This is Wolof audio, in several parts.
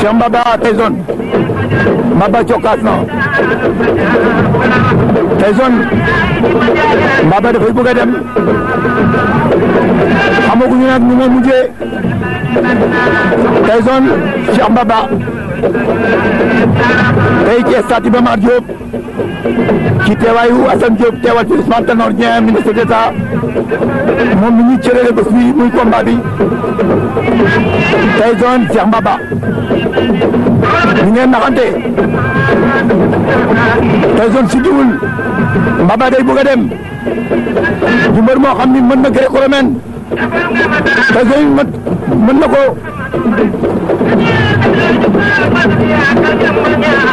Cheikh Mbaba Tyson Mbaba cokkaas na Tyson Mbaba dafay bëgg a dem xamaguñu ma mujjee Tyson Cheikh Mbaba tey ci stade Iba Mar Diop ci teewaayu Assane Diop teewal ci Ousmane Tanor Dieng ministre d'État moom mi ñu cërale bés bi muy combat bi tey doon Cheikh Mbaba ñu ngeen naxante tey zone si diwul Mbaba day bëgg a dem du xam ni mën na gréco ko tey zone mën na ko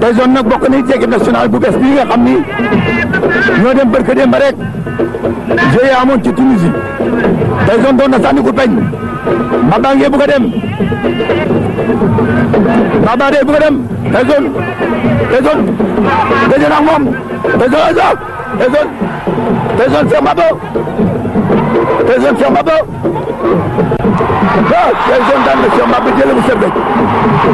tey zone nag bokk nañ ci équipe nationale bu bees bii nga xam ni ñoo dem barke dem ba rek jeu amoon ci Tunisie tey doon na sànni ku peñ Mbaba ngee bëgg a dem Mbaba dee bëgg a dem tey zone tey zone daje na ak moom tey zone ay sax tey zone tey zone daan na Cheikh Mbaba jëlee bu sëb